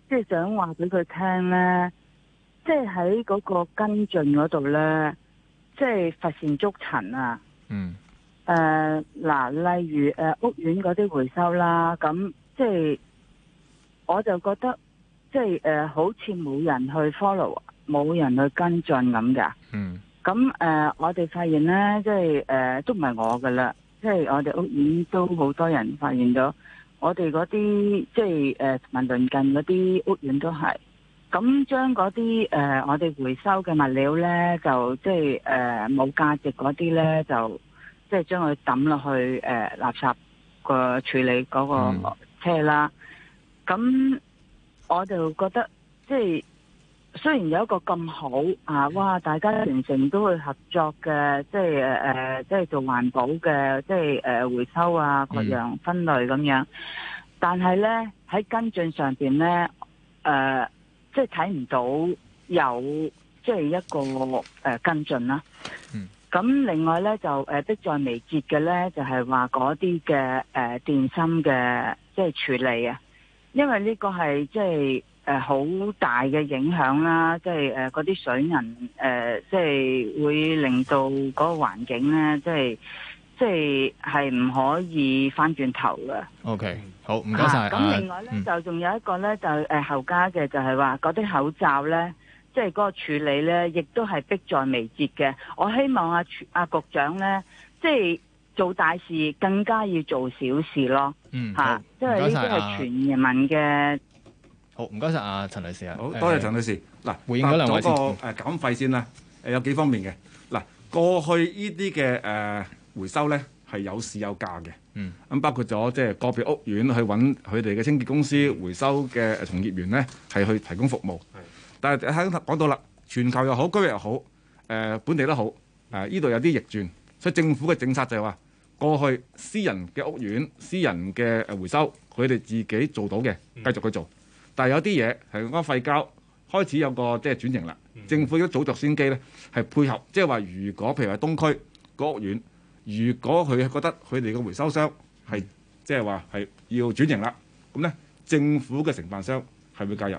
即係、就是、想話俾佢聽咧。即係喺嗰個跟進嗰度呢，即係發現捉塵啊。嗯。誒，嗱，例如誒屋苑嗰啲回收啦，咁即係我就覺得即係誒，好似冇人去 follow，冇人去跟進咁噶。嗯。咁誒、呃，我哋發現呢，即係誒都唔係我噶啦，即係我哋屋苑都好多人發現咗，我哋嗰啲即係誒文鄰近嗰啲屋苑都係。咁將嗰啲誒，我哋回收嘅物料呢，就即係誒冇價值嗰啲呢，就即係將佢抌落去誒、呃、垃圾個處理嗰個車啦。咁、嗯、我就覺得，即係雖然有一個咁好啊，哇！大家全城都會合作嘅，即係誒、呃，即係做環保嘅，即係誒、呃、回收啊各樣分類咁樣。嗯、但係呢，喺跟進上邊呢。誒、呃。即係睇唔到有即係一個誒跟進啦。咁另外咧就誒迫在眉睫嘅咧就係話嗰啲嘅誒電芯嘅即係處理啊，因為呢個係即係誒好大嘅影響啦，即係誒嗰啲水銀誒即係會令到嗰個環境咧即係。即係係唔可以翻轉頭嘅。O、okay, K，好，唔該晒。咁、啊、另外咧，嗯、就仲有一個咧，就誒後加嘅，就係話嗰啲口罩咧，即係嗰個處理咧，亦都係迫在眉睫嘅。我希望阿、啊、阿、啊、局長咧，即、就、係、是、做大事更加要做小事咯。嗯，吓，即係呢啲係全人民嘅、啊。好，唔該晒阿陳女士啊，好多謝陳女士。嗱、哎，回應嗰兩位先。誒，減廢先啦，誒，有幾方面嘅嗱。過去呢啲嘅誒。呃回收呢係有市有價嘅，咁、嗯、包括咗即係個別屋苑去揾佢哋嘅清潔公司回收嘅從業員呢，係去提供服務。是的但係喺講到啦，全球又好，區域又好，誒、呃、本地都好，誒呢度有啲逆轉，所以政府嘅政策就係話，過去私人嘅屋苑、私人嘅誒回收，佢哋自己做到嘅繼續去做，嗯、但係有啲嘢係嗰個廢膠開始有個即係轉型啦。嗯、政府要早著先機呢，係配合即係話，就是、說如果譬如話東區個屋苑。如果佢覺得佢哋嘅回收商係即係話係要轉型啦，咁呢政府嘅承辦商係會介入。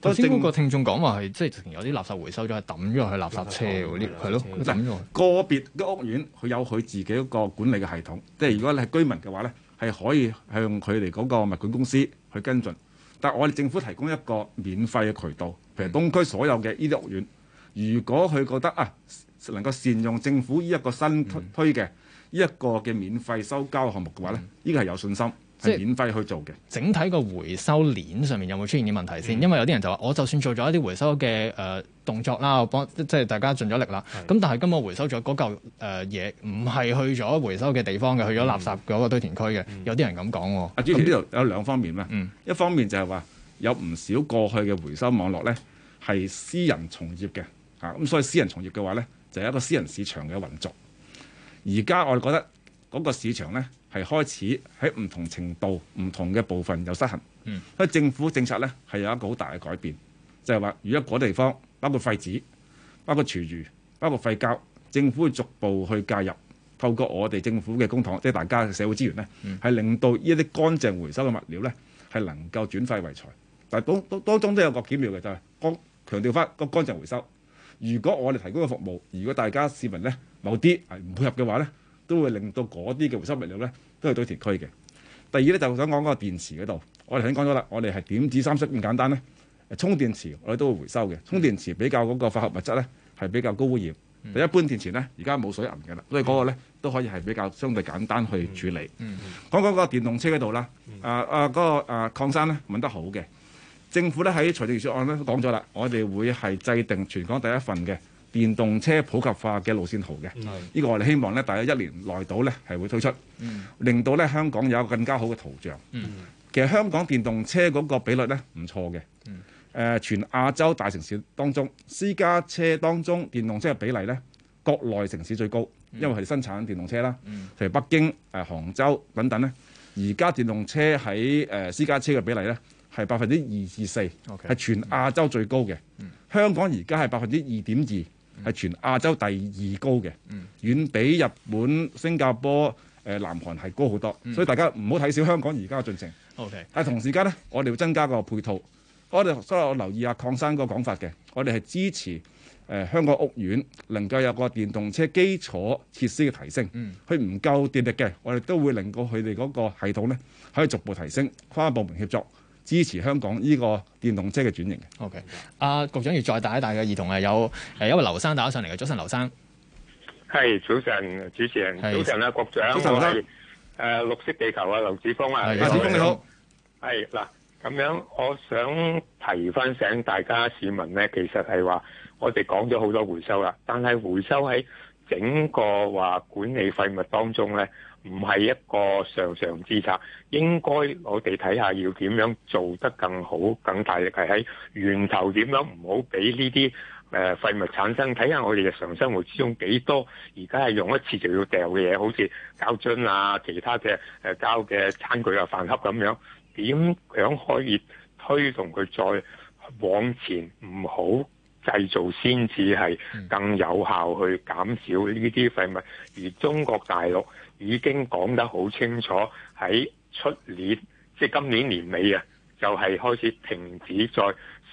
頭先嗰個聽眾講話係即係有啲垃圾回收商係抌咗喺垃圾車嗰啲，係咯。嗱，個別嘅屋苑佢有佢自己的一個管理嘅系統，即係如果你係居民嘅話呢，係可以向佢哋嗰個物管公司去跟進。但係我哋政府提供一個免費嘅渠道，譬如東區所有嘅呢啲屋苑，嗯、如果佢覺得啊能夠善用政府呢一個新推嘅，嗯一個嘅免費收膠的項目嘅話呢，依個係有信心，係免費去做嘅。整體個回收鏈上面有冇出現啲問題先？嗯、因為有啲人就話，我就算做咗一啲回收嘅誒、呃、動作啦，幫即係大家盡咗力啦。咁是但係今日回收咗嗰嚿嘢，唔、呃、係去咗回收嘅地方嘅，去咗垃圾嗰個堆填區嘅。嗯、有啲人咁講喎。啊，那主席，呢度有兩方面嘛。嗯、一方面就係話有唔少過去嘅回收網絡呢，係私人從業嘅，嚇、啊、咁所以私人從業嘅話呢，就係、是、一個私人市場嘅運作。而家我哋覺得嗰個市場呢，係開始喺唔同程度、唔同嘅部分有失衡，嗯、所以政府政策呢，係有一個好大嘅改變，就係、是、話如果嗰地方包括廢紙，包括、包括廚餘、包括廢膠，政府會逐步去介入，透過我哋政府嘅公帑，即、就、係、是、大家嘅社會資源呢，係、嗯、令到呢一啲乾淨回收嘅物料呢，係能夠轉廢為財。但當當當中都有個巧妙嘅就係、是、強調翻個乾淨回收。如果我哋提供嘅服務，如果大家市民呢，某啲係唔配合嘅話呢，都會令到嗰啲嘅回收物料呢都係堆填區嘅。第二呢，就想講嗰個電池嗰度，我哋頭先講咗啦，我哋係點止三色咁簡單呢？充電池我哋都會回收嘅，充電池比較嗰個化合物質呢係比較高污染。一般電池呢，而家冇水銀嘅啦，所以嗰個呢都可以係比較相對簡單去處理。講講嗰個電動車嗰度啦，啊啊嗰個啊礦山呢，揾得好嘅。政府咧喺財政預算案咧都講咗啦，我哋會係制定全港第一份嘅電動車普及化嘅路線圖嘅。呢、這個我哋希望咧，大約一年內到咧係會推出，令到咧香港有一個更加好嘅圖像。其實香港電動車嗰個比率咧唔錯嘅。誒、呃，全亞洲大城市當中，私家車當中電動車嘅比例咧，國內城市最高，因為係生產電動車啦，譬如北京、誒、呃、杭州等等咧。而家電動車喺誒、呃、私家車嘅比例咧。係百分之二至四，係全亞洲最高嘅。嗯、香港而家係百分之二點二，係全亞洲第二高嘅，嗯、遠比日本、新加坡、誒、呃、南韓係高好多。嗯、所以大家唔好睇小香港而家嘅進程。Okay，但係同時間呢，嗯、我哋要增加個配套。嗯、我哋今日我留意下鄺生個講法嘅，我哋係支持誒、呃、香港屋苑能夠有個電動車基礎設施嘅提升。佢唔、嗯、夠電力嘅，我哋都會令到佢哋嗰個系統呢可以逐步提升，跨部門協作。支持香港呢個電動車嘅轉型 OK，阿局長要再帶一帶嘅兒童係有，係一位劉生打上嚟嘅。早晨，劉生。係、hey, 早晨，主持人。Hey. 早晨啊，局長。早晨。誒，綠色地球啊，劉子峰，啊。係子峰你好。係嗱，咁好好、hey, 樣我想提翻醒大家市民咧，其實係話我哋講咗好多回收啦，但係回收喺整個話管理廢物當中咧，唔係一個上上之策，應該我哋睇下要點樣做得更好，更大力係喺源頭點樣唔好俾呢啲誒廢物產生。睇下我哋日常生活之中幾多，而家係用一次就要掉嘅嘢，好似膠樽啊、其他嘅誒膠嘅餐具啊、飯盒咁樣，點樣可以推動佢再往前？唔好製造先至係更有效去減少呢啲廢物，而中國大陸已經講得好清楚，喺出年即今年年尾啊，就係開始停止再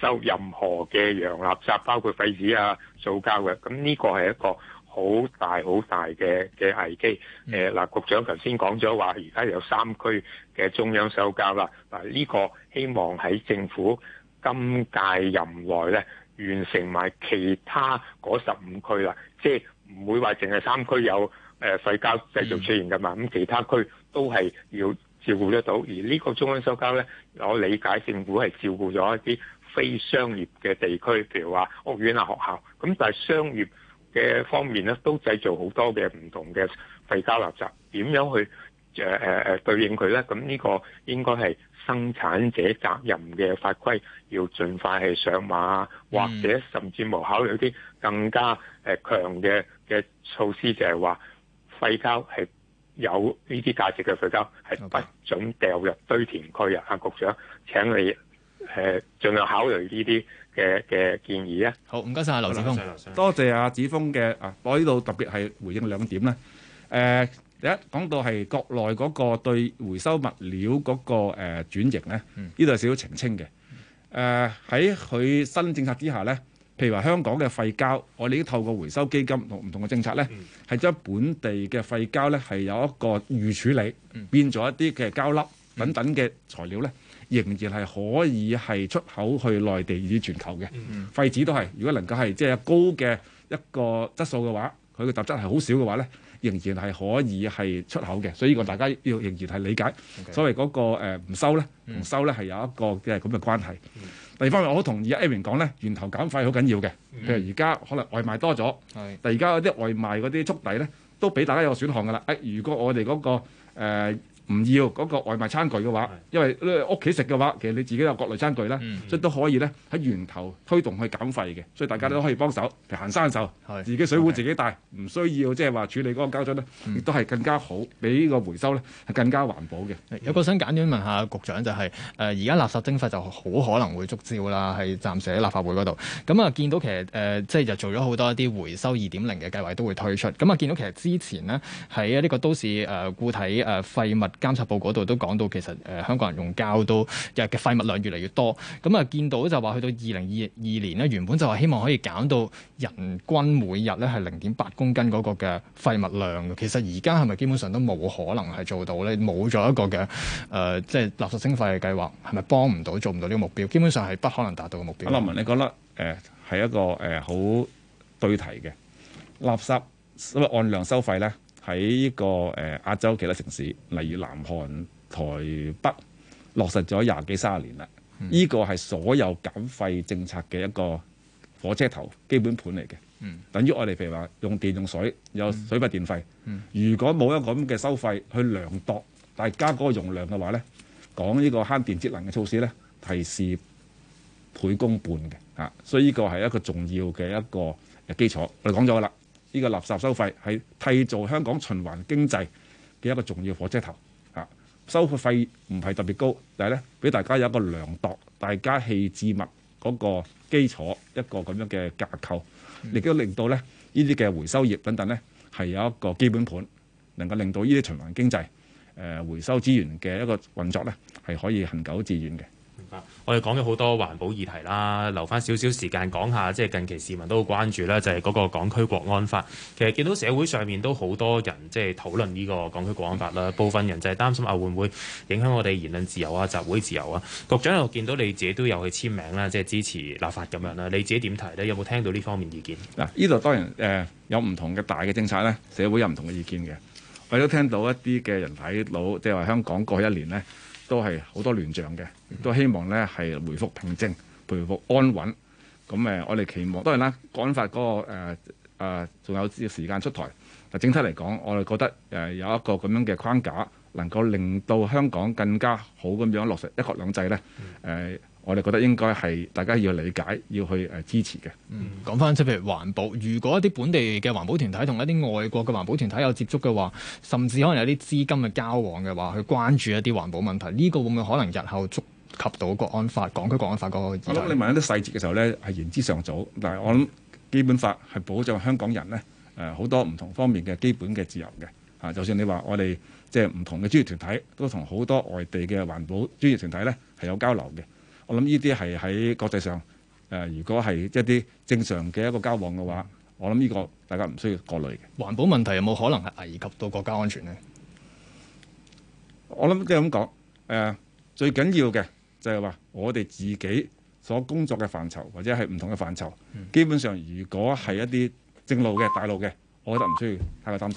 收任何嘅洋垃圾，包括廢紙啊、塑膠嘅。咁呢個係一個好大好大嘅嘅危機。誒、呃、嗱，局長頭先講咗話，而家有三區嘅中央收膠啦。嗱，呢個希望喺政府今屆任內呢。完成埋其他嗰十五區啦，即係唔會話淨係三區有誒廢膠製造出現㗎嘛，咁、嗯、其他區都係要照顧得到。而呢個中央收膠呢，我理解政府係照顧咗一啲非商業嘅地區，譬如話屋苑啊、學校，咁但係商業嘅方面呢，都製造好多嘅唔同嘅廢膠垃圾，點樣去？誒誒誒，對應佢咧，咁、嗯、呢、呢個應該係生產者責任嘅法規，要盡快去上馬，或者甚至冇考慮啲更加誒強嘅嘅措施就，就係話廢膠係有呢啲價值嘅廢膠係不准掉入堆填區 Okay. 啊！阿局長，請你誒盡、呃、量考慮呢啲嘅嘅建議啊！好，唔該晒，阿劉子峰，多謝阿子峰嘅啊！我呢度特別係回應兩點咧，誒、呃。第一講到係國內嗰個對回收物料嗰個誒轉型咧，呢度有少少澄清嘅。誒喺佢新政策之下咧，譬如話香港嘅廢膠，我哋已經透過回收基金同唔同嘅政策咧，係將本地嘅廢膠咧係有一個預處理，變咗一啲嘅膠粒等等嘅材料咧，仍然係可以係出口去內地，與全球嘅廢紙都係，如果能夠係即係高嘅一個質素嘅話，佢嘅雜質係好少嘅話咧。仍然係可以係出口嘅，所以呢個大家要仍然係理解 Okay. 所謂嗰、那個唔、呃、收咧，唔、嗯、收咧係有一個即係咁嘅關係。第二方面，我好同意阿 Aaron 講咧，源頭減廢好緊要嘅。譬、嗯、如而家可能外賣多咗，是但而家嗰啲外賣嗰啲速遞咧，都俾大家有個選項㗎啦。誒，如果我哋嗰、那個、呃唔要嗰個外賣餐具嘅話，因為屋企食嘅話，其實你自己有各類餐具啦，的所以都可以咧喺源頭推動去減廢嘅，所以大家都可以幫手，譬如行山手，的自己水壺自己帶，唔的需要即係話處理嗰個膠樽呢，亦都係更加好，俾呢個回收呢，係更加環保嘅。嗯、有個想簡短問下局長，就係誒而家垃圾徵費就好可能會觸礁啦，係暫時喺立法會嗰度。咁啊，見到其實誒即係就是、做咗好多一啲回收二點零嘅計劃都會推出。咁啊，見到其實之前呢，喺呢個都市、呃、固體誒、呃、廢物。監察部嗰度都講到，其實誒、呃、香港人用膠都日嘅廢物量越嚟越多，咁啊，見到就話去到二零二二年咧，原本就係希望可以減到人均每日呢係零點八公斤嗰個嘅廢物量。其實而家係咪基本上都冇可能係做到呢？冇咗一個嘅誒，即、呃、係、就是、垃圾徵費嘅計劃，係咪幫唔到、做唔到呢個目標？基本上係不可能達到嘅目標、嗯。阿林文，你覺得誒係、呃、一個誒好、呃、對題嘅垃圾按量收費呢？喺呢、這個誒、呃、亞洲其他城市，例如南韓、台北，落實咗廿幾三十年啦。呢個係所有減費政策嘅一個火車頭、基本盤嚟嘅。嗯，等於我哋譬如話用電用水有水費、電費。嗯嗯、如果冇一個咁嘅收費去量度大家嗰個容量嘅話咧，講呢個慳電節能嘅措施咧，事倍功半嘅。啊，所以呢個係一個重要嘅一個基礎，我哋講咗噶啦。呢個垃圾收費係締造香港循環經濟嘅一個重要火車頭，啊！收費唔係特別高，但係咧俾大家有一個量度，大家棄置物嗰個基礎一個咁樣嘅架構，亦都令到咧呢啲嘅回收業等等咧係有一個基本盤，能夠令到呢啲循環經濟誒、呃、回收資源嘅一個運作咧係可以恒久致遠嘅。我哋講咗好多環保議題啦，留翻少少時間講下，即係近期市民都好關注啦，就係嗰個港區國安法。其實見到社會上面都好多人即係討論呢個港區國安法啦，部分人就係擔心啊，會唔會影響我哋言論自由啊、集會自由啊？局長又見到你自己都有去簽名啦，即係支持立法咁樣啦，你自己點睇呢？有冇聽到呢方面意見？嗱，呢度當然誒有唔同嘅大嘅政策呢，社會有唔同嘅意見嘅。我都聽到一啲嘅人喺到，即係話香港過去一年呢。都係好多亂象嘅，都希望呢係回復平靜，回復安穩。咁誒，我哋期望當然啦，趕快嗰個誒仲、呃呃、有時間出台。但，整體嚟講，我哋覺得誒有一個咁樣嘅框架，能夠令到香港更加好咁樣落實一國兩制呢。誒、嗯。呃我哋覺得應該係大家要理解，要去誒支持嘅。嗯，講翻即係譬如環保，如果一啲本地嘅環保團體同一啲外國嘅環保團體有接觸嘅話，甚至可能有啲資金嘅交往嘅話，去關注一啲環保問題，呢個會唔會可能日後觸及到國安法、港區國安法個議題？咁你問一啲細節嘅時候呢，係言之尚早。但係，我諗基本法係保障香港人呢誒好多唔同方面嘅基本嘅自由嘅嚇。就算你話我哋即係唔同嘅專業團體都同好多外地嘅環保專業團體呢係有交流嘅。我諗呢啲係喺國際上，誒、呃，如果係一啲正常嘅一個交往嘅話，我諗呢個大家唔需要過慮嘅。環保問題有冇可能係危及到國家安全呢？我諗即係咁講，誒、呃，最緊要嘅就係話我哋自己所工作嘅範疇或者係唔同嘅範疇，嗯、基本上如果係一啲正路嘅大路嘅，我覺得唔需要太過擔心。